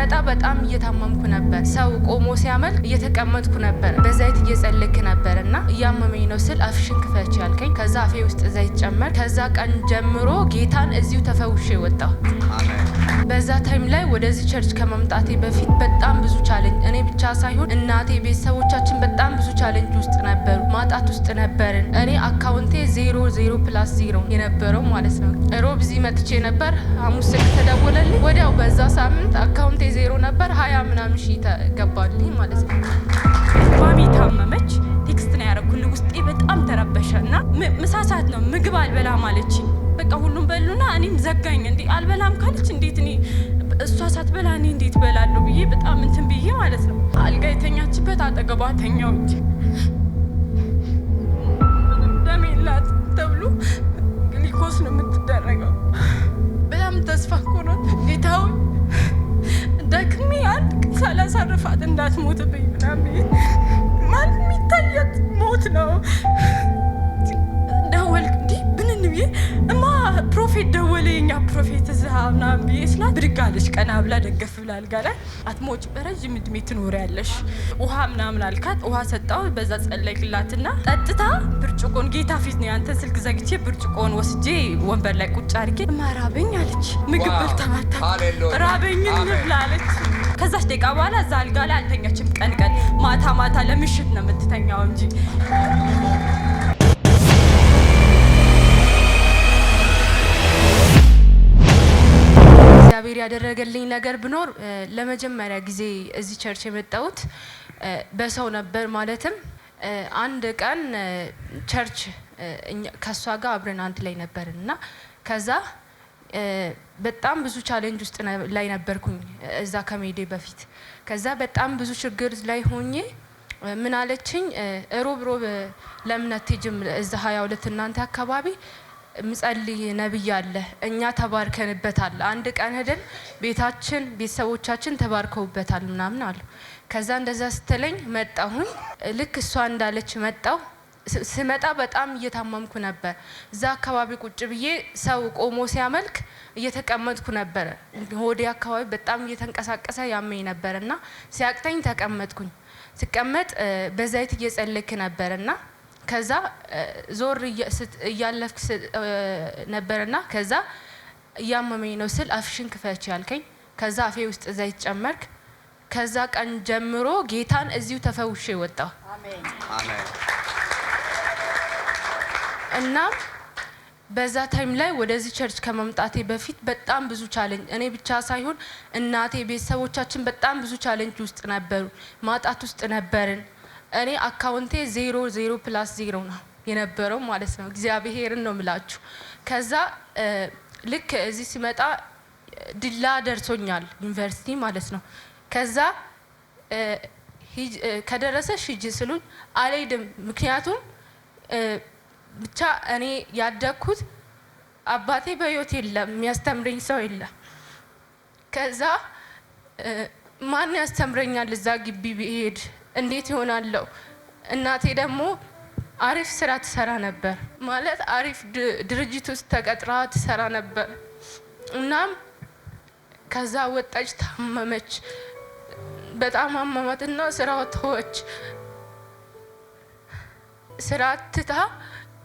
ስመጣ በጣም እየታመምኩ ነበር። ሰው ቆሞ ሲያመልክ እየተቀመጥኩ ነበር። በዘይት እየጸለክ ነበር እና እያመመኝ ነው ስል አፍሽን ክፈች ያልከኝ፣ ከዛ አፌ ውስጥ ዘይት ጨመር። ከዛ ቀን ጀምሮ ጌታን እዚሁ ተፈውሼ ወጣሁ። በዛ ታይም ላይ ወደዚህ ቸርች ከመምጣቴ በፊት በጣም ብዙ ቻለንጅ፣ እኔ ብቻ ሳይሆን እናቴ፣ ቤተሰቦቻችን በጣም ብዙ ቻለንጅ ውስጥ ነበሩ፣ ማጣት ውስጥ ነበርን። እኔ አካውንቴ ዜሮ ዜሮ ፕላስ ዜሮ የነበረው ማለት ነው። ሮብ እዚህ መጥቼ ነበር። ሐሙስ ስልክ ተደወለልኝ። ወዲያው በዛ ሳምንት አካውንቴ ዜሮ ነበር ሀያ ምናምን ሺ ገባልኝ ማለት ነው። ማሚ ታመመች። ቴክስት ነው ያደረኩት። ውስጤ በጣም ተረበሸ እና ምሳሳት ነው ምግብ አልበላ ማለች። በቃ ሁሉም በሉና እኔም ዘጋኝ። እንዲ አልበላም ካለች እንዴት እኔ እሷ ሳትበላ እኔ እንዴት በላለሁ ብዬ በጣም እንትን ብዬ ማለት ነው። አልጋ የተኛችበት አጠገቧ ተኛው እንጂ ደሜላት ተብሎ ግሊኮስ ነው የምትደ ሳላሳርፋት እንዳትሞትብኝ ምናምን ማለት የሚታየት ሞት ነው። ደወልክ እንዲህ ብንን ብዬ እማ ፕሮፌት ደወለ የኛ ፕሮፌት እዚያ ምናምን ብዬ ስላት ብድግ አለች። ቀና ብላ ደገፍ ብላ አልጋ ላይ አትሞጭ፣ በረዥም እድሜ ትኖሪያለሽ። ውሃ ምናምን አልካት፣ ውሃ ሰጣው። በዛ ጸለይክላትና ጠጥታ ብርጭቆን ጌታ ፊት ነው ያንተ ስልክ ዘግቼ ብርጭቆን ወስጄ ወንበር ላይ ቁጭ አድርጌ እማ ራበኝ አለች። ምግብ በልተማታ ራበኝን ልብላ አለች። ከዛች ደቂቃ በኋላ እዛ አልጋ ላይ አልተኛችም። ቀን ቀን ማታ ማታ ለምሽት ነው የምትተኛው እንጂ እግዚአብሔር ያደረገልኝ ነገር ብኖር ለመጀመሪያ ጊዜ እዚህ ቸርች የመጣሁት በሰው ነበር። ማለትም አንድ ቀን ቸርች ከእሷ ጋር አብረን አንድ ላይ ነበርን እና ከዛ በጣም ብዙ ቻሌንጅ ውስጥ ላይ ነበርኩኝ እዛ ከመሄዴ በፊት። ከዛ በጣም ብዙ ችግር ላይ ሆኜ ምን አለችኝ፣ ሮብ ሮብ ለእምነት ጅም እዛ ሀያ ሁለት እናንተ አካባቢ ምጸልይ ነብይ አለ። እኛ ተባርከንበታል። አንድ ቀን ሄደን ቤታችን ቤተሰቦቻችን ተባርከውበታል ምናምን አሉ። ከዛ እንደዛ ስትለኝ መጣሁኝ። ልክ እሷ እንዳለች መጣሁ። ስመጣ በጣም እየታመምኩ ነበር። እዛ አካባቢ ቁጭ ብዬ ሰው ቆሞ ሲያመልክ እየተቀመጥኩ ነበር። ሆዴ አካባቢ በጣም እየተንቀሳቀሰ ያመኝ ነበር እና ሲያቅተኝ ተቀመጥኩኝ። ስቀመጥ በዛይት እየጸለይክ ነበር እና ከዛ ዞር እያለፍክ ነበርና ከዛ እያመመኝ ነው ስል አፍሽን ክፈች ያልከኝ፣ ከዛ አፌ ውስጥ ዘይት ጨመርክ። ከዛ ቀን ጀምሮ ጌታን እዚሁ ተፈውሼ ወጣሁ። አሜን። እና በዛ ታይም ላይ ወደዚህ ቸርች ከመምጣቴ በፊት በጣም ብዙ ቻለንጅ እኔ ብቻ ሳይሆን እናቴ፣ ቤተሰቦቻችን በጣም ብዙ ቻለንጅ ውስጥ ነበሩ፣ ማጣት ውስጥ ነበርን። እኔ አካውንቴ ዜሮ ዜሮ ፕላስ ዜሮ ነው የነበረው ማለት ነው። እግዚአብሔርን ነው ምላችሁ። ከዛ ልክ እዚህ ሲመጣ ድላ ደርሶኛል ዩኒቨርሲቲ ማለት ነው። ከዛ ከደረሰ ሽጅ ስሉኝ አልሄድም ምክንያቱም ብቻ እኔ ያደግኩት አባቴ በህይወት የለም፣ የሚያስተምረኝ ሰው የለም። ከዛ ማን ያስተምረኛል? እዛ ግቢ ብሄድ እንዴት ይሆናለሁ? እናቴ ደግሞ አሪፍ ስራ ትሰራ ነበር፣ ማለት አሪፍ ድርጅት ውስጥ ተቀጥራ ትሰራ ነበር። እናም ከዛ ወጣች፣ ታመመች፣ በጣም አመማትና ስራ ተወች። ስራ ትታ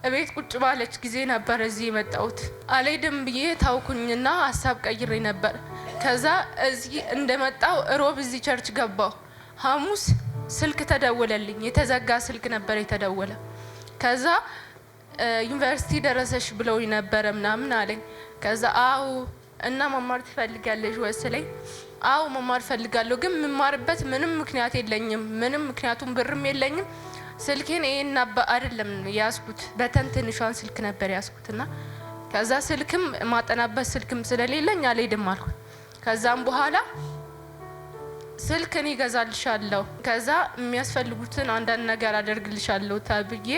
እቤት ቁጭ ባለች ጊዜ ነበር እዚህ የመጣሁት። አልሄድም ብዬ ታውኩኝና ሀሳብ ቀይሬ ነበር። ከዛ እዚህ እንደመጣው እሮብ እዚህ ቸርች ገባሁ። ሐሙስ ስልክ ተደወለልኝ። የተዘጋ ስልክ ነበር የተደወለ። ከዛ ዩኒቨርሲቲ ደረሰሽ ብለው ነበረ ምናምን አለኝ። ከዛ አዎ እና መማር ትፈልጋለሽ ወስለኝ አዎ መማር ፈልጋለሁ ግን የምማርበት ምንም ምክንያት የለኝም። ምንም ምክንያቱም ብርም የለኝም ስልኬን ይሄን አይደለም ያዝኩት፣ በተን ትንሿን ስልክ ነበር ያስኩትና ከዛ ስልክም ማጠናበት ስልክም ስለሌለኝ አልሄድም አልኩት። ከዛም በኋላ ስልክ እኔ እገዛልሻለሁ፣ ከዛ የሚያስፈልጉትን አንዳንድ ነገር አደርግልሻለሁ ተብዬ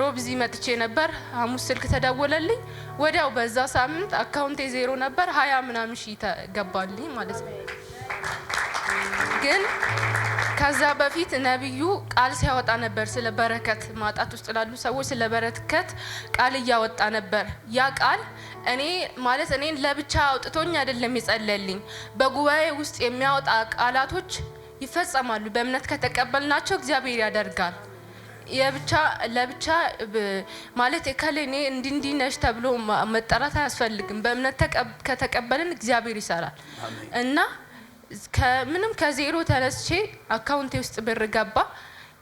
ሮብ እዚህ መጥቼ ነበር። ሐሙስ ስልክ ተደወለልኝ። ወዲያው በዛ ሳምንት አካውንቴ ዜሮ ነበር፣ ሀያ ምናምን ሺህ ተገባልኝ ማለት ነው ግን ከዛ በፊት ነቢዩ ቃል ሲያወጣ ነበር። ስለ በረከት ማጣት ውስጥ ላሉ ሰዎች ስለ በረከት ቃል እያወጣ ነበር። ያ ቃል እኔ ማለት እኔን ለብቻ አውጥቶኝ አይደለም የጸለልኝ። በጉባኤ ውስጥ የሚያወጣ ቃላቶች ይፈጸማሉ። በእምነት ከተቀበልናቸው እግዚአብሔር ያደርጋል። የብቻ ለብቻ ማለት የከሌ እኔ እንዲህ ነሽ ተብሎ መጠራት አያስፈልግም። በእምነት ከተቀበልን እግዚአብሔር ይሰራል እና ምንም ከዜሮ ተነስቼ አካውንቴ ውስጥ ብር ገባ።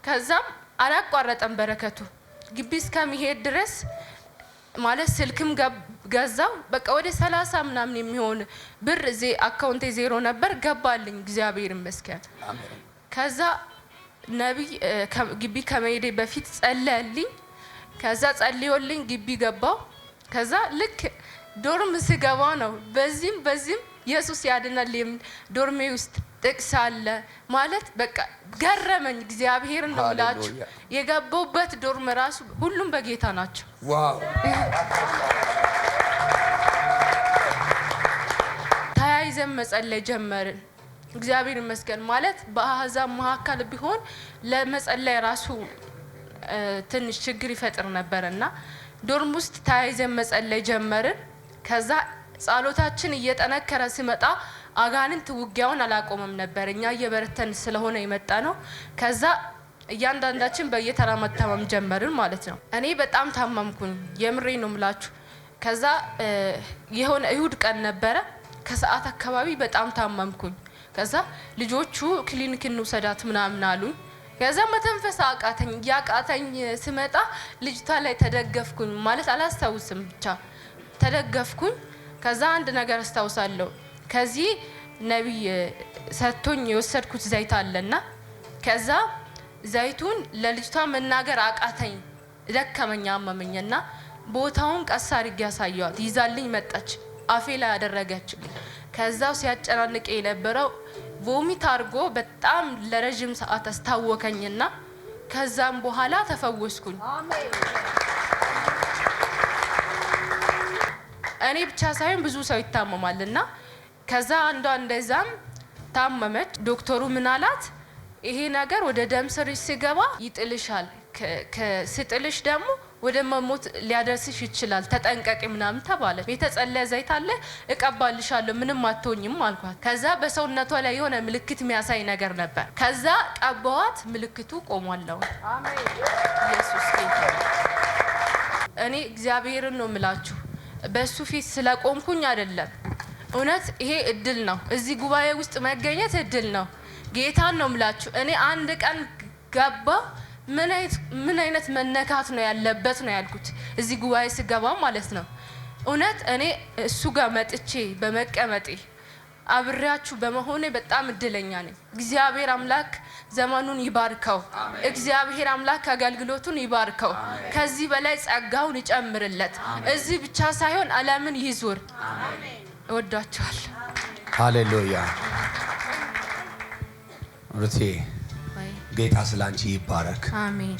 ከዛም አላቋረጠም በረከቱ ግቢ እስከሚሄድ ድረስ ማለት ስልክም ገዛው። በቃ ወደ ሰላሳ ምናምን የሚሆን ብር አካውንቴ ዜሮ ነበር ገባልኝ፣ እግዚአብሔር ይመስገን። ከዛ ነቢይ ግቢ ከመሄዴ በፊት ጸለያልኝ። ከዛ ጸልዮልኝ ግቢ ገባው። ከዛ ልክ ዶርም ስገባ ነው በዚህም በዚህም ኢየሱስ ያድናል የሚል ዶርሜ ውስጥ ጥቅስ አለ ማለት በቃ ገረመኝ። እግዚአብሔር እንደውላችሁ የገባውበት ዶርም ራሱ ሁሉም በጌታ ናቸው። ተያይዘን መጸለይ ጀመርን። እግዚአብሔር ይመስገን ማለት በአህዛብ መካከል ቢሆን ለመጸለይ ራሱ ትንሽ ችግር ይፈጥር ነበር እና ዶርም ውስጥ ተያይዘን መጸለይ ጀመርን ከዛ ጸሎታችን እየጠነከረ ሲመጣ አጋንንት ውጊያውን አላቆመም ነበር። እኛ እየበረተን ስለሆነ የመጣ ነው። ከዛ እያንዳንዳችን በየተራ መታመም ጀመርን ማለት ነው። እኔ በጣም ታመምኩኝ፣ የምሬ ነው ምላችሁ። ከዛ የሆነ እሁድ ቀን ነበረ፣ ከሰዓት አካባቢ በጣም ታመምኩኝ። ከዛ ልጆቹ ክሊኒክ እንውሰዳት ምናምን አሉኝ። ከዛ መተንፈስ አቃተኝ። ያቃተኝ ስመጣ ልጅቷ ላይ ተደገፍኩኝ፣ ማለት አላስታውስም ብቻ ተደገፍኩኝ። ከዛ አንድ ነገር አስታውሳለሁ። ከዚህ ነቢይ ሰጥቶኝ የወሰድኩት ዘይት አለና ከዛ ዘይቱን ለልጅቷ መናገር አቃተኝ፣ ደከመኝ፣ አመመኝና ቦታውን ቀስ አድርጌ ያሳየዋት ይዛልኝ መጣች። አፌ ላይ ያደረገችልኝ ከዛው ሲያጨናንቅ የነበረው ቮሚት አድርጎ በጣም ለረዥም ሰዓት አስታወከኝና ከዛም በኋላ ተፈወስኩኝ። እኔ ብቻ ሳይሆን ብዙ ሰው ይታመማል እና ከዛ አንዷ እንደዛም ታመመች። ዶክተሩ ምን አላት? ይሄ ነገር ወደ ደም ስር ሲገባ ይጥልሻል፣ ስጥልሽ ደግሞ ወደ መሞት ሊያደርስሽ ይችላል፣ ተጠንቀቂ ምናምን ተባለች። የተጸለየ ዘይት አለ እቀባልሻለሁ፣ ምንም አትሆኝም አልኳት። ከዛ በሰውነቷ ላይ የሆነ ምልክት የሚያሳይ ነገር ነበር። ከዛ ቀባዋት፣ ምልክቱ ቆሟለሁ። ኢየሱስ እኔ እግዚአብሔርን ነው የምላችሁ በእሱ ፊት ስለቆምኩኝ አይደለም። እውነት ይሄ እድል ነው። እዚህ ጉባኤ ውስጥ መገኘት እድል ነው። ጌታን ነው ምላችሁ። እኔ አንድ ቀን ገባ ምን አይነት መነካት ነው ያለበት ነው ያልኩት፣ እዚህ ጉባኤ ስገባ ማለት ነው። እውነት እኔ እሱ ጋር መጥቼ በመቀመጤ አብሬያችሁ በመሆኔ በጣም እድለኛ ነኝ። እግዚአብሔር አምላክ ዘመኑን ይባርከው። እግዚአብሔር አምላክ አገልግሎቱን ይባርከው። ከዚህ በላይ ጸጋውን ይጨምርለት። እዚህ ብቻ ሳይሆን ዓለምን ይዙር። እወዳችኋል። ሃሌሉያ። ሩቴ ጌታ ስላንቺ ይባረክ።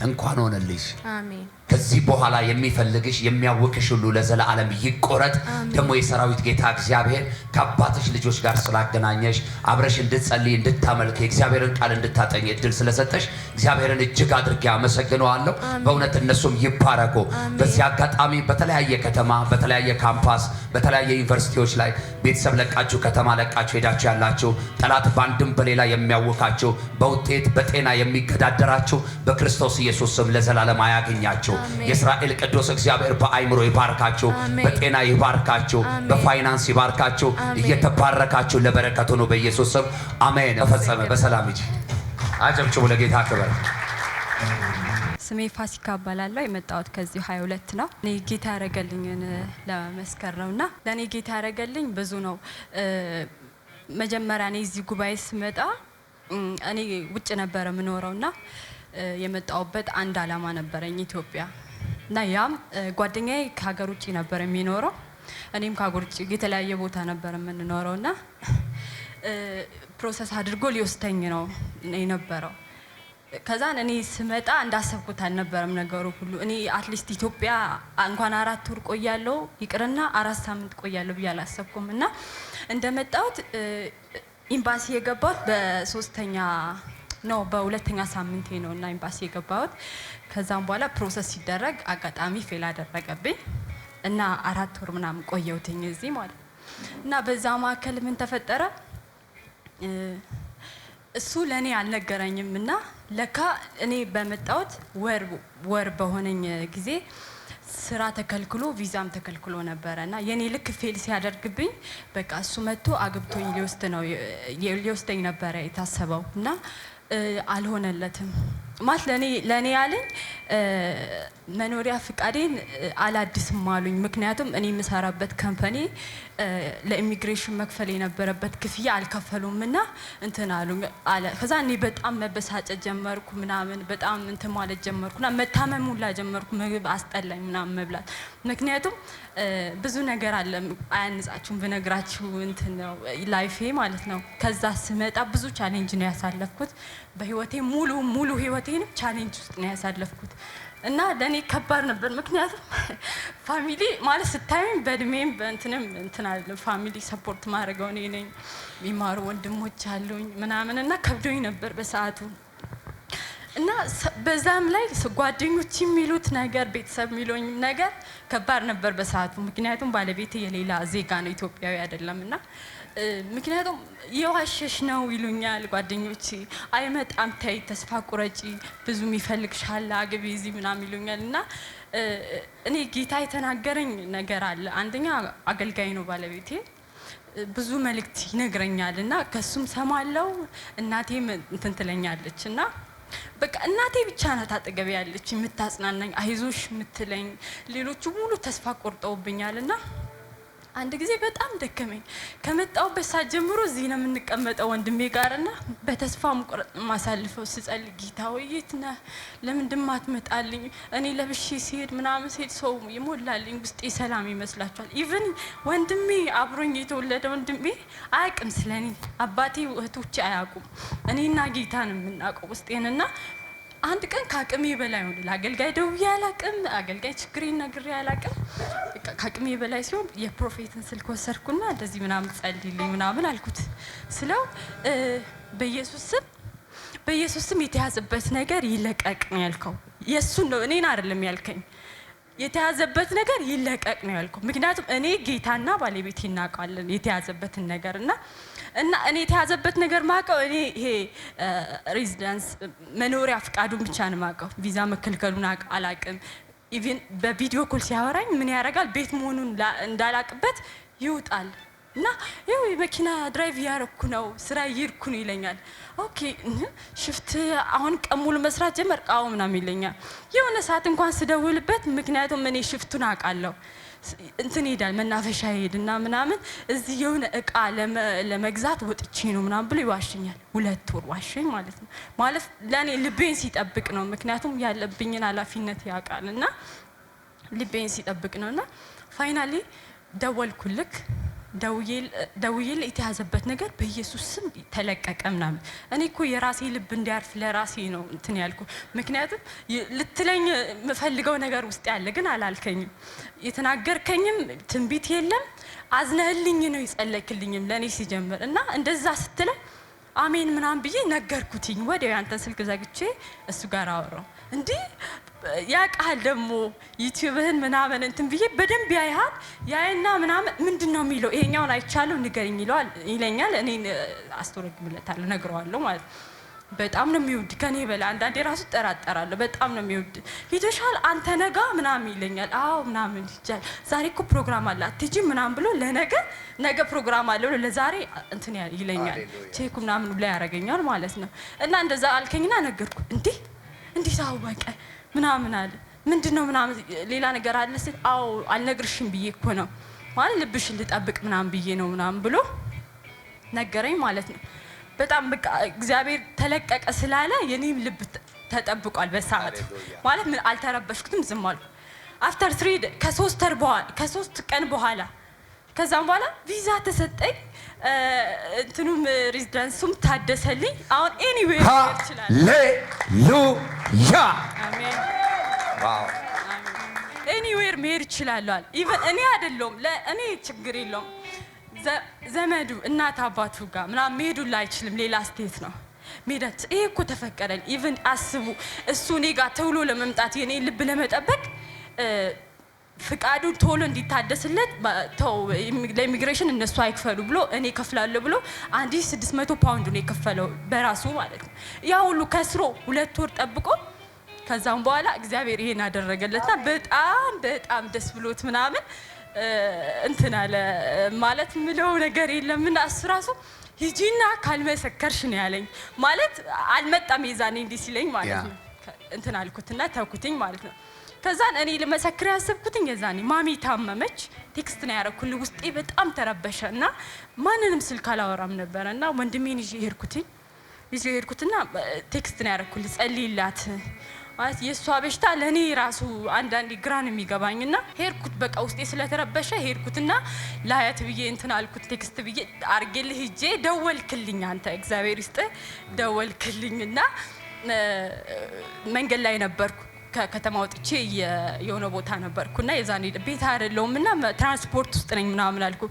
እንኳን ሆነልሽ። አሜን። ከዚህ በኋላ የሚፈልግሽ የሚያውቅሽ ሁሉ ለዘላለም ይቆረጥ። ደግሞ የሰራዊት ጌታ እግዚአብሔር ከአባትሽ ልጆች ጋር ስላገናኘሽ አብረሽ እንድትጸልይ እንድታመልክ፣ የእግዚአብሔርን ቃል እንድታጠኝ እድል ስለሰጠሽ እግዚአብሔርን እጅግ አድርጌ አመሰግነዋለሁ። በእውነት እነሱም ይባረኩ። በዚህ አጋጣሚ በተለያየ ከተማ፣ በተለያየ ካምፓስ፣ በተለያየ ዩኒቨርሲቲዎች ላይ ቤተሰብ ለቃችሁ ከተማ ለቃችሁ ሄዳችሁ ያላችሁ ጠላት በአንድም በሌላ የሚያውካችሁ በውጤት በጤና የሚገዳደራችሁ በክርስቶስ ኢየሱስ ስም ለዘላለም አያገኛችሁ። የእስራኤል ቅዱስ እግዚአብሔር በአይምሮ ይባርካችሁ፣ በጤና ይባርካችሁ፣ በፋይናንስ ይባርካችሁ። እየተባረካችሁ ለበረከቱ ነው። በኢየሱስ ስም አሜን። ተፈጸመ። በሰላም ሂጂ። አጨብጭቡ ለጌታ ክብር። ስሜ ፋሲካ እባላለሁ። የመጣሁት ከዚሁ ሁለት ነው። እኔ ጌታ ያደረገልኝን ለመመስከር ነው እና ለእኔ ጌታ ያደረገልኝ ብዙ ነው። መጀመሪያ እኔ እዚህ ጉባኤ ስመጣ እኔ ውጭ ነበረ የምኖረው እና የመጣውበት አንድ አላማ ነበረኝ ኢትዮጵያ እና ያም ጓደኛዬ ከሀገር ውጭ ነበር የሚኖረው እኔም ከሀገር ውጭ የተለያየ ቦታ ነበር የምንኖረው እና ፕሮሰስ አድርጎ ሊወስደኝ ነው የነበረው። ከዛን እኔ ስመጣ እንዳሰብኩት አልነበረም ነገሩ ሁሉ። እኔ አትሊስት ኢትዮጵያ እንኳን አራት ወር ቆያለው ይቅርና አራት ሳምንት ቆያለሁ ብዬ አላሰብኩም እና እንደመጣሁት ኢምባሲ የገባሁት በሶስተኛ ነው በሁለተኛ ሳምንቴ ነው እና ኤምባሲ የገባሁት። ከዛም በኋላ ፕሮሰስ ሲደረግ አጋጣሚ ፌል አደረገብኝ እና አራት ወር ምናምን ቆየውትኝ እዚህ ማለት እና በዛ መካከል ምን ተፈጠረ? እሱ ለእኔ አልነገረኝም እና ለካ እኔ በመጣሁት ወር በሆነኝ ጊዜ ስራ ተከልክሎ ቪዛም ተከልክሎ ነበረ እና የኔ ልክ ፌል ሲያደርግብኝ በቃ እሱ መጥቶ አግብቶኝ ሊወስድ ነው ሊወስደኝ ነበረ የታሰበው እና አልሆነለትም። ማለት ለእኔ ለእኔ ያለኝ መኖሪያ ፍቃዴን አላድስም አሉኝ። ምክንያቱም እኔ የምሰራበት ከምፐኒ ለኢሚግሬሽን መክፈል የነበረበት ክፍያ አልከፈሉም እና እንትን አሉ አለ። ከዛ እኔ በጣም መበሳጨት ጀመርኩ ምናምን በጣም እንትን ማለት ጀመርኩና መታመም ሁላ ጀመርኩ። ምግብ አስጠላኝ ምናምን መብላት። ምክንያቱም ብዙ ነገር አለ አያንጻችሁም ብነግራችሁ እንትን ነው ላይፌ ማለት ነው። ከዛ ስመጣ ብዙ ቻሌንጅ ነው ያሳለፍኩት በህይወቴ ሙሉ ሙሉ ህይወት ህይወቴንም ቻሌንጅ ውስጥ ነው ያሳለፍኩት እና ለእኔ ከባድ ነበር። ምክንያቱም ፋሚሊ ማለት ስታዩኝ በእድሜም በእንትንም እንትን አለ ፋሚሊ ሰፖርት ማድረገው እኔ ነኝ። የሚማሩ ወንድሞች አሉኝ ምናምን እና ከብዶኝ ነበር በሰዓቱ እና በዛም ላይ ጓደኞች የሚሉት ነገር ቤተሰብ የሚሉኝ ነገር ከባድ ነበር በሰዓቱ። ምክንያቱም ባለቤት የሌላ ዜጋ ነው፣ ኢትዮጵያዊ አይደለም እና ምክንያቱም የዋሸሽ ነው ይሉኛል ጓደኞቼ። አይመጣም፣ ተይ ተስፋ ቁረጪ፣ ብዙ የሚፈልግሻል፣ አግቢ እዚህ ምናምን ይሉኛል። እና እኔ ጌታ የተናገረኝ ነገር አለ። አንደኛ አገልጋይ ነው ባለቤቴ፣ ብዙ መልእክት ይነግረኛል እና ከሱም ሰማለው። እናቴም እንትን ትለኛለች እና በቃ እናቴ ብቻ ናት አጠገቤ ያለች የምታጽናናኝ፣ አይዞሽ የምትለኝ። ሌሎቹ ሙሉ ተስፋ ቆርጠውብኛል እና አንድ ጊዜ በጣም ደከመኝ። ከመጣሁበት ሰዓት ጀምሮ እዚህ ነው የምንቀመጠው ወንድሜ ጋር እና በተስፋ መቁረጥ የማሳልፈው ስጸል ጌታ ወይ የት ነህ? ለምንድን ማትመጣልኝ? እኔ ለብሼ ሲሄድ ምናምን ሲሄድ ሰው ይሞላልኝ፣ ውስጤ ሰላም ይመስላችኋል? ኢቨን ወንድሜ አብሮኝ የተወለደ ወንድሜ አያውቅም ስለኔ። አባቴ እህቶቼ አያውቁም። እኔና ጌታ ነው የምናውቀው ውስጤንና አንድ ቀን ከአቅሜ በላይ ሆነ። ለአገልጋይ ደውዬ አላቅም። አገልጋይ ችግሬን ነግሬ አላቅም። ከአቅሜ በላይ ሲሆን የፕሮፌትን ስልክ ወሰድኩና እንደዚህ ምናምን ጸልይልኝ ምናምን አልኩት ስለው በኢየሱስ ስም በኢየሱስ ስም የተያዘበት ነገር ይለቀቅ ነው ያልከው። የእሱን ነው እኔን አይደለም ያልከኝ። የተያዘበት ነገር ይለቀቅ ነው ያልከው። ምክንያቱም እኔ ጌታና ባለቤት እናውቃለን የተያዘበትን ነገር እና እና እኔ የተያዘበት ነገር ማቀው እኔ ይሄ ሬዚዳንስ መኖሪያ ፍቃዱን ብቻ ነው ማቀው። ቪዛ መከልከሉን አላቅም። ኢቭን በቪዲዮ ኮል ሲያወራኝ ምን ያደርጋል ቤት መሆኑን እንዳላቅበት ይውጣል። እና ይኸው የመኪና ድራይቭ እያረኩ ነው፣ ስራ እየሄድኩ ነው ይለኛል። ኦኬ ሽፍት አሁን ቀን ሙሉ መስራት ጀመር አዎ ምናምን ይለኛል። የሆነ ሰዓት እንኳን ስደውልበት፣ ምክንያቱም እኔ ሽፍቱን አውቃለሁ እንትን ይሄዳል መናፈሻ ይሄድና ምናምን እዚህ የሆነ እቃ ለመግዛት ወጥቼ ነው ምናምን ብሎ ይዋሸኛል። ሁለት ወር ዋሸኝ ማለት ነው። ማለት ለእኔ ልቤን ሲጠብቅ ነው፣ ምክንያቱም ያለብኝን ኃላፊነት ያውቃል እና ልቤን ሲጠብቅ ነው እና ደወልኩልክ ደውዬል የተያዘበት ነገር በኢየሱስ ስም ተለቀቀ ምናምን። እኔ እኮ የራሴ ልብ እንዲያርፍ ለራሴ ነው እንትን ያልኩ። ምክንያቱም ልትለኝ የምፈልገው ነገር ውስጥ ያለ ግን አላልከኝም፣ የተናገርከኝም ትንቢት የለም። አዝነህልኝ ነው የጸለክልኝም ለእኔ ሲጀምር እና እንደዛ ስትለ አሜን ምናምን ብዬ ነገርኩትኝ። ወዲያው ያንተን ስልክ ዘግቼ እሱ ጋር አወራው እንዲህ ያውቃል ደግሞ ዩቲዩብህን ምናምን እንትን ብዬ በደንብ ያይሃል። ያይና ምናምን ምንድን ነው የሚለው ይሄኛውን አይቻለሁ ንገርኝ ይለዋል ይለኛል። እኔ አስተረጉምለታለሁ፣ ነግረዋለሁ ማለት ነው። በጣም ነው የሚወድ ከኔ በላ አንዳንዴ ራሱ ጠራጠራለሁ በጣም ነው የሚወድ ሂደሻል አንተ ነጋ ምናምን ይለኛል። አዎ ምናምን ይቻል ዛሬ እኮ ፕሮግራም አለ አትጂ ምናምን ብሎ ለነገ ነገ ፕሮግራም አለ ብሎ ለዛሬ እንትን ይለኛል። ቼኩ ምናምን ላይ ያደረገኛል ማለት ነው። እና እንደዛ አልከኝና ነገርኩ እንዲህ እንዲህ ሰው በቃ ምናምን አለ። ምንድን ነው ምናምን ሌላ ነገር አለ ስል አዎ አልነግርሽም ብዬ እኮ ነው ማለት ልብሽን ልጠብቅ ምናምን ብዬ ነው ምናምን ብሎ ነገረኝ ማለት ነው። በጣም በቃ እግዚአብሔር ተለቀቀ ስላለ የኔም ልብ ተጠብቋል። በሰዓቱ ማለት አልተረበሽኩትም፣ ዝም አልኩ። አፍተር ስሪ ከሶስት ቀን በኋላ ከዛም በኋላ ቪዛ ተሰጠኝ። እንትኑም ሬዚደንሱም ታደሰልኝ። አሁን ኤኒዌይ ሃሌሉያ ኤኒዌር መሄድ ይችላለዋል። ኢቨን እኔ አይደለሁም ለእኔ ችግር የለውም። ዘመዱ እናት አባቱ ጋር ምናምን መሄዱን አይችልም። ሌላ ስቴት ነው ሜዳት ይሄ እኮ ተፈቀደል። ኢቨን አስቡ እሱ እኔ ጋር ተውሎ ለመምጣት የኔ ልብ ለመጠበቅ ፍቃዱ ቶሎ እንዲታደስለት ለኢሚግሬሽን እነሱ አይክፈሉ ብሎ እኔ ከፍላለሁ ብሎ አንድ ሺህ ስድስት መቶ ፓውንድ ነው የከፈለው በራሱ ማለት ነው። ያ ሁሉ ከስሮ ሁለት ወር ጠብቆ ከዛም በኋላ እግዚአብሔር ይሄን አደረገለትና በጣም በጣም ደስ ብሎት ምናምን እንትን አለ ማለት ምለው ነገር የለም እና እሱ ራሱ ሂጂና ካልመሰከርሽ ነው ያለኝ። ማለት አልመጣም የዛኔ እንዲህ ሲለኝ ማለት ነው። እንትን አልኩትና ተኩትኝ ማለት ነው። ከዛን እኔ ልመሰክር ያሰብኩትኝ የዛኔ ማሚ ታመመች። ቴክስት ነው ያደረኩልህ። ውስጤ በጣም ተረበሸ እና ማንንም ስልክ አላወራም ነበረ እና ወንድሜን ይዤ ሄድኩትኝ ይዤ ሄድኩትና ቴክስት ነው ያደረኩልህ ጸልይላት ማለት የእሷ በሽታ ለእኔ ራሱ አንዳንዴ ግራን የሚገባኝ እና ሄድኩት። በቃ ውስጤ ስለተረበሸ ሄድኩትና ለአያት ብዬ እንትን አልኩት ቴክስት ብዬ አርጌልህ ሂጄ ደወልክልኝ አንተ እግዚአብሔር ይስጥ ደወልክልኝ እና መንገድ ላይ ነበርኩ ከከተማ ወጥቼ የሆነ ቦታ ነበርኩና የዛኔ ቤት አይደለውም እና ትራንስፖርት ውስጥ ነኝ ምናምን አልኩ።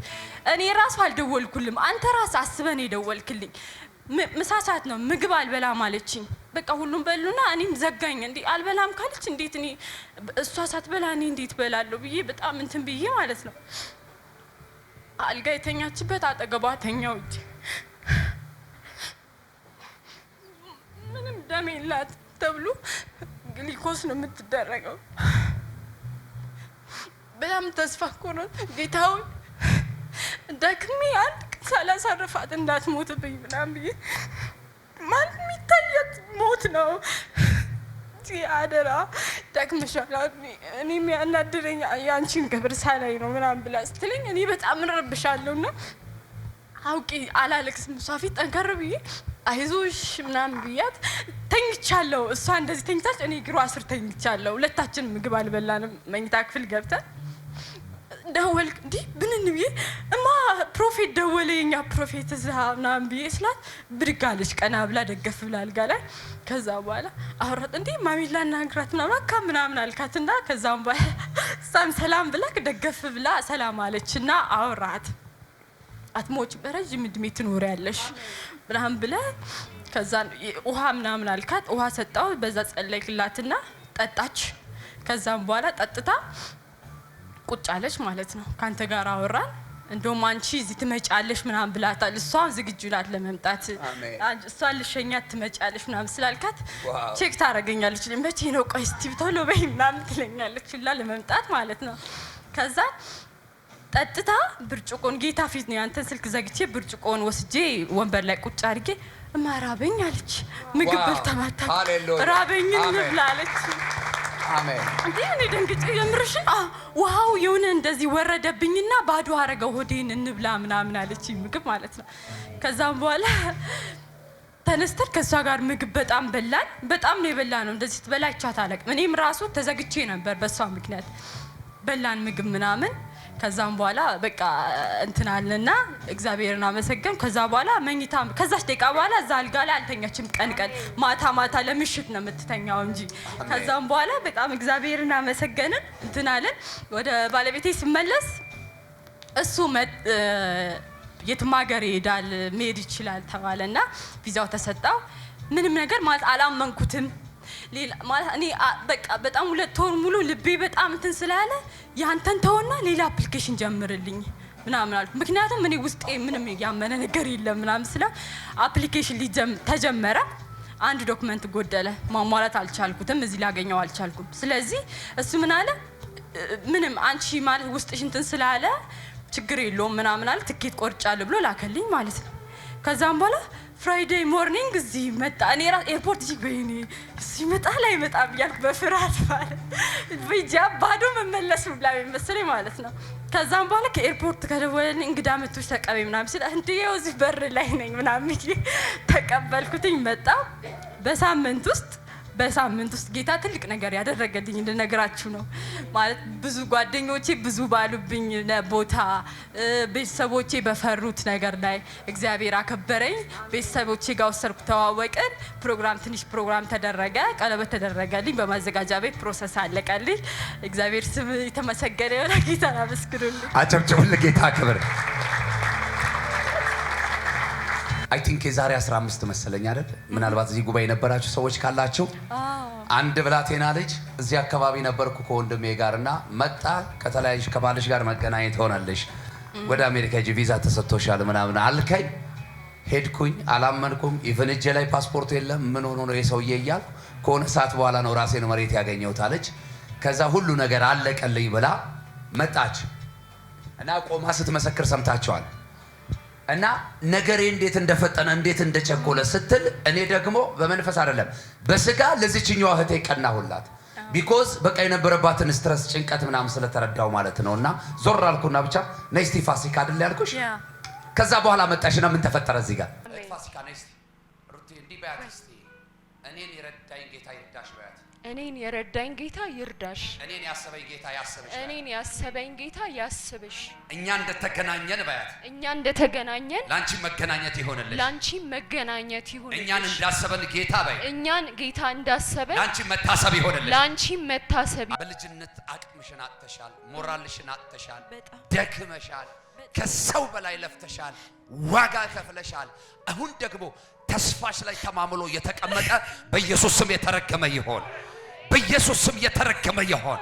እኔ ራሱ አልደወልኩልም፣ አንተ ራስ አስበን የደወልክልኝ። ምሳ ሰዓት ነው ምግብ አልበላም አለችኝ። በቃ ሁሉም በሉና እኔም ዘጋኝ። እንዲ አልበላም ካለች እንዴት እኔ እሷ ሳትበላ እኔ እንዴት በላለሁ ብዬ በጣም እንትን ብዬ ማለት ነው አልጋ የተኛችበት አጠገቧ ተኛው እጅ ምንም ደም የላት ተብሎ ግሊኮስ ነው የምትደረገው። በጣም ተስፋ እኮ ነው ጌታውን ደክሜ አንድ ቀን ሳላሳርፋት እንዳትሞትብኝ ምናምን ብዬ ማለት የሚታየት ሞት ነው። አደራ ደክምሻል፣ እኔ የሚያናድረኝ የአንቺን ክብር ሳላይ ነው ምናምን ብላ ስትለኝ እኔ በጣም እንረብሻለሁ እና አውቄ አላለቅስም። እሷ ፊት ጠንከር ብዬ አይዞሽ ምናምን ብያት ተኝቻለሁ። እሷ እንደዚህ ተኝታች፣ እኔ ግሯ ስር ተኝቻለሁ። ሁለታችን ምግብ አልበላንም። መኝታ ክፍል ገብተን ደወልክ እንዲህ ብንን ብዬ እማ ፕሮፌት ደወለ የኛ ፕሮፌት እዛ ምናምን ብዬ ስላት ብድግ አለች። ቀና ብላ ደገፍ ብላ አልጋ ላይ ከዛ በኋላ አውራት እንዲህ ማሚላ ና ምናምን አካ ምናምን አልካት እና ከዛም በኋላ እሷም ሰላም ብላ ደገፍ ብላ ሰላም አለች እና አውራት አትሞጭ በረዥም እድሜ ትኖሪያለሽ ምናምን ብለ ከዛ ውሃ ምናምን አልካት። ውሃ ሰጣው በዛ ጸለይክላትና ጠጣች። ከዛም በኋላ ጠጥታ ቁጭ አለች ማለት ነው። ከአንተ ጋር አወራን። እንደውም አንቺ እዚህ ትመጫለሽ ምናምን ብላታል። እሷ ዝግጁ ናት ለመምጣት። እሷ ልሸኛት ትመጫለሽ ምናምን ስላልካት ቼክ ታደርገኛለች። መቼ ነው ቆይ እስቲ ቶሎ በይ ምናምን ትለኛለች ላ ለመምጣት ማለት ነው ከዛ ጠጥታ ብርጭቆን ጌታ ፊት ነው ያንተን ስልክ ዘግቼ ብርጭቆን ወስጄ ወንበር ላይ ቁጭ አድርጌ እማ ራበኝ አለች። ምግብ በልተማታ ራበኝን እንብላ አለች። እንዴ እኔ ደንግጬ የምርሽን ውሃው የሆነ እንደዚህ ወረደብኝና ባዶ አረገው ሆዴን እንብላ ምናምን አለች። ምግብ ማለት ነው። ከዛም በኋላ ተነስተን ከእሷ ጋር ምግብ በጣም በላን። በጣም ነው የበላ ነው እንደዚህ ስትበላ ይቻት አለቅ እኔም ራሱ ተዘግቼ ነበር በእሷ ምክንያት በላን ምግብ ምናምን ከዛም በኋላ በቃ እንትን አለና እግዚአብሔርን አመሰገን። ከዛ በኋላ መኝታ ከዛች ደቂቃ በኋላ እዛ አልጋ ላይ አልተኛችም። ቀን ቀን ማታ ማታ ለምሽት ነው የምትተኛው እንጂ። ከዛም በኋላ በጣም እግዚአብሔርን አመሰገንን አለን። ወደ ባለቤቴ ስመለስ እሱ የትም ሀገር ይሄዳል መሄድ ይችላል ተባለና ቪዛው ተሰጣው። ምንም ነገር ማለት አላመንኩትም እኔ በቃ በጣም ሁለት ወር ሙሉ ልቤ በጣም እንትን ስላለ ያንተን ተውና ሌላ አፕሊኬሽን ጀምርልኝ ምናምን አልኩ። ምክንያቱም እኔ ውስጤ ምንም ያመነ ነገር የለም ምናምን ስለ አፕሊኬሽን ተጀመረ። አንድ ዶክመንት ጎደለ፣ ማሟላት አልቻልኩትም፣ እዚህ ላገኘው አልቻልኩም። ስለዚህ እሱ ምን አለ ምንም አንቺ ማለት ውስጥሽ እንትን ስላለ ችግር የለውም ምናምን አለ። ትኬት ቆርጫለሁ ብሎ ላከልኝ ማለት ነው። ከዛም በኋላ ፍራይዴይ ሞርኒንግ እዚህ መጣ። እኔ ራስ ኤርፖርት እዚህ በይኔ ይመጣል አይመጣም እያልኩ በፍርሃት ማለት ብጃ ባዶ መመለስ ብላ ማለት ነው። ከዛም በኋላ ከኤርፖርት ከደወለልኝ እንግዳ መቶች ተቀበይ ምናምን ሲል እንዲ እዚህ በር ላይ ነኝ ምናምን ተቀበልኩትኝ። መጣ በሳምንት ውስጥ በሳምንት ውስጥ ጌታ ትልቅ ነገር ያደረገልኝ ልነግራችሁ ነው። ማለት ብዙ ጓደኞቼ ብዙ ባሉብኝ ቦታ፣ ቤተሰቦቼ በፈሩት ነገር ላይ እግዚአብሔር አከበረኝ። ቤተሰቦቼ ጋር ወሰድኩ፣ ተዋወቅን። ፕሮግራም ትንሽ ፕሮግራም ተደረገ፣ ቀለበት ተደረገልኝ። በማዘጋጃ ቤት ፕሮሰስ አለቀልኝ። እግዚአብሔር ስም የተመሰገነ የሆነ ጌታ አመስግኑልኝ። አጨብጭቡልኝ። ጌታ ክብር አይ ቲንክ የዛሬ 15 መሰለኝ አይደል? ምናልባት እዚህ ጉባኤ የነበራችሁ ሰዎች ካላችሁ አንድ ብላቴና ልጅ እዚህ አካባቢ ነበርኩ ከወንድሜ ጋር እና መጣ። ከተለያየሽ ከባልሽ ጋር መገናኘት ሆነልሽ፣ ወደ አሜሪካ ሂጂ ቪዛ ተሰጥቶሻል ምናምን አልከኝ። ሄድኩኝ፣ አላመንኩም። ኢቨን እጄ ላይ ፓስፖርት የለም። ምን ሆኖ ነው የሰውዬ እያልኩ ከሆነ ሰዓት በኋላ ነው ራሴን መሬት ያገኘሁት አለች። ከዛ ሁሉ ነገር አለቀልኝ ብላ መጣች እና ቆማ ስትመሰክር ሰምታቸዋል። እና ነገሬ እንዴት እንደፈጠነ እንዴት እንደቸኮለ ስትል፣ እኔ ደግሞ በመንፈስ አይደለም በስጋ ለዚችኛዋ እህቴ ቀናሁላት። ቢኮዝ በቃ የነበረባትን ስትረስ፣ ጭንቀት ምናምን ስለተረዳው ማለት ነው። እና ዞር አልኩና ብቻ ነይ እስቲ ፋሲካ አይደል ያልኩሽ። ከዛ በኋላ መጣሽና ምን ተፈጠረ እዚህ ጋር ፋሲካ ነይ እስቲ እኔን የረዳኝ ጌታ ይርዳሽ። እኔን ያሰበኝ ጌታ ያስብሽ። እኔን ያሰበኝ ጌታ ያስብሽ። እኛ እንደተገናኘን ባያት እኛ እንደተገናኘን ላንቺ መገናኘት ይሆንልሽ። ላንቺ መገናኘት ይሆንልሽ። እኛን እንዳሰበን ጌታ ባይ እኛን ጌታ እንዳሰበን ላንቺ መታሰብ ይሆንልሽ። ላንቺ መታሰብ በልጅነት አቅምሽን አጥተሻል። ሞራልሽን አጥተሻል። በጣም ደክመሻል። ከሰው በላይ ለፍተሻል። ዋጋ ከፍለሻል። አሁን ደግሞ ተስፋሽ ላይ ተማምሎ የተቀመጠ በኢየሱስ ስም የተረገመ ይሆን። በኢየሱስ ስም የተረገመ ይሆን።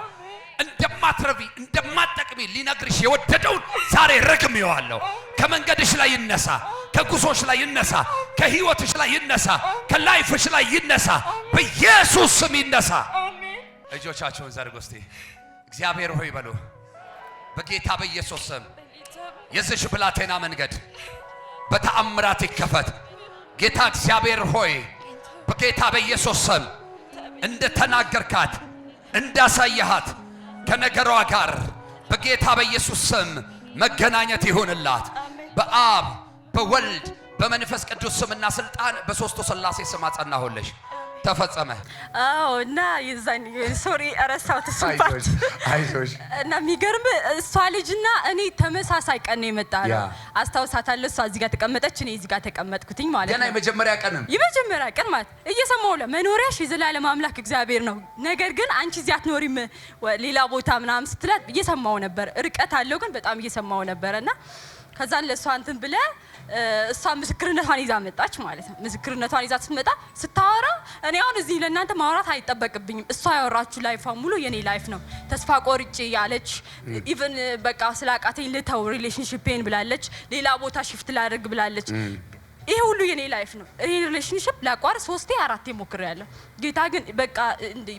እንደማትረቢ እንደማትጠቅሚ ሊነግርሽ የወደደውን ዛሬ ረግሜዋለሁ። ከመንገድሽ ላይ ይነሳ፣ ከጉዞሽ ላይ ይነሳ፣ ከህይወትሽ ላይ ይነሳ፣ ከላይፍሽ ላይ ይነሳ፣ በኢየሱስ ስም ይነሳ። እጆቻችሁን ዘርጉ እስቲ እግዚአብሔር ሆይ በሉ። በጌታ በኢየሱስ ስም የዚሽ ብላቴና መንገድ በተአምራት ይከፈት። ጌታ እግዚአብሔር ሆይ በጌታ በኢየሱስ ስም እንደ ተናገርካት እንዳሳየሃት ከነገሯ ጋር በጌታ በኢየሱስ ስም መገናኘት ይሁንላት። በአብ በወልድ በመንፈስ ቅዱስ ስምና ስልጣን በሦስቱ ሥላሴ ስም አጸናሁልሽ። ተፈጸመ። አዎ እና የዛን ሶሪ ረሳሁት እሱን ፓርት እና የሚገርም እሷ ልጅ እና እኔ ተመሳሳይ ቀን ነው የመጣ ነው አስታውሳታለሁ። እሷ እዚህ ጋር ተቀመጠች፣ እኔ እዚህ ጋር ተቀመጥኩትኝ ማለት ነው። ገና የመጀመሪያ ቀን የመጀመሪያ ቀን ማለት እየሰማሁ መኖሪያሽ የዘላለም አምላክ እግዚአብሔር ነው፣ ነገር ግን አንቺ እዚህ አትኖሪም ሌላ ቦታ ምናምን ስትላት እየሰማሁ ነበር። ርቀት አለው ግን በጣም እየሰማሁ ነበረ እና ከዛን ለእሷ እንትን ብለህ እሷ ምስክርነቷን ይዛ መጣች ማለት ነው። ምስክርነቷን ይዛ ስትመጣ ስታወራ እኔ አሁን እዚህ ለእናንተ ማውራት አይጠበቅብኝም። እሷ ያወራችሁ ላይፏ ሙሉ የኔ ላይፍ ነው። ተስፋ ቆርጬ ያለች ኢቨን በቃ አቃተኝ ልተው ሪሌሽንሽፔን ብላለች። ሌላ ቦታ ሽፍት ላደርግ ብላለች። ይሄ ሁሉ የኔ ላይፍ ነው። ይሄ ሪሌሽንሽፕ ላቋር ሶስቴ አራቴ ሞክሬያለሁ። ጌታ ግን በቃ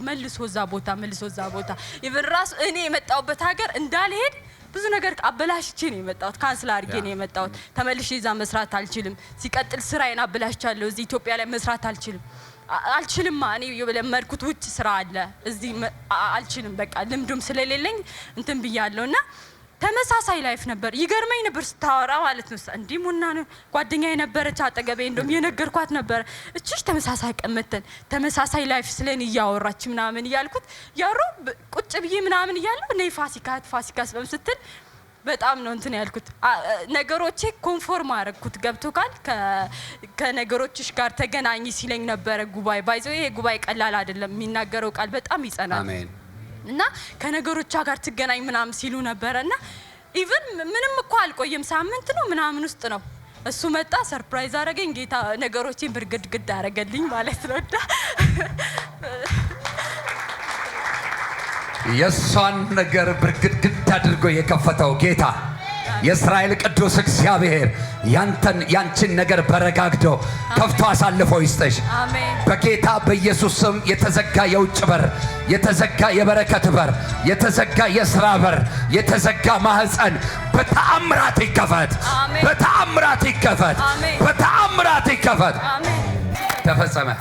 መልሶ እዛ ቦታ መልሶ እዛ ቦታ ኢቨን ራሱ እኔ የመጣሁበት ሀገር እንዳልሄድ ብዙ ነገር አበላሽቼ ነው የመጣሁት። ካንስል አድርጌ ነው የመጣሁት። ተመልሼ እዛ መስራት አልችልም። ሲቀጥል ስራዬን አበላሽቻለሁ። እዚህ ኢትዮጵያ ላይ መስራት አልችልም አልችልም እኔ የለመድኩት ውጭ ስራ አለ እዚህ አልችልም። በቃ ልምዱም ስለሌለኝ እንትን ብያለሁ እና ተመሳሳይ ላይፍ ነበር። ይገርመኝ ነበር ስታወራ ማለት ነው። እንዲህ ሙና ነው ጓደኛ የነበረች አጠገቤ፣ እንደም የነገርኳት ነበረ እችሽ ተመሳሳይ ቀመተን ተመሳሳይ ላይፍ ስለን እያወራች ምናምን እያልኩት ያሮ ቁጭ ብዬ ምናምን እያለሁ ነይ ፋሲካ ፋሲካ ስበም ስትል በጣም ነው እንትን ያልኩት ነገሮቼ ኮንፎርም አረግኩት ገብቶ ካል ከነገሮችሽ ጋር ተገናኝ ሲለኝ ነበረ። ጉባኤ ባይዘው ይሄ ጉባኤ ቀላል አይደለም። የሚናገረው ቃል በጣም ይጸናል። እና ከነገሮቿ ጋር ትገናኝ ምናምን ሲሉ ነበረ እና ኢቨን ምንም እኮ አልቆየም ሳምንት ነው ምናምን ውስጥ ነው እሱ መጣ ሰርፕራይዝ አረገኝ። ጌታ ነገሮቼን ብርግድግድ አረገልኝ ማለት ነው። እዳ የእሷን ነገር ብርግድግድ አድርጎ የከፈተው ጌታ የእስራኤል ቅዱስ እግዚአብሔር ያንተን ያንቺን ነገር በረጋግዶ ከፍቶ አሳልፎ ይስጠሽ በጌታ በኢየሱስ ስም። የተዘጋ የውጭ በር፣ የተዘጋ የበረከት በር፣ የተዘጋ የስራ በር፣ የተዘጋ ማህፀን በተአምራት ይከፈት፣ በተአምራት ይከፈት፣ በተአምራት ይከፈት። ተፈጸመ።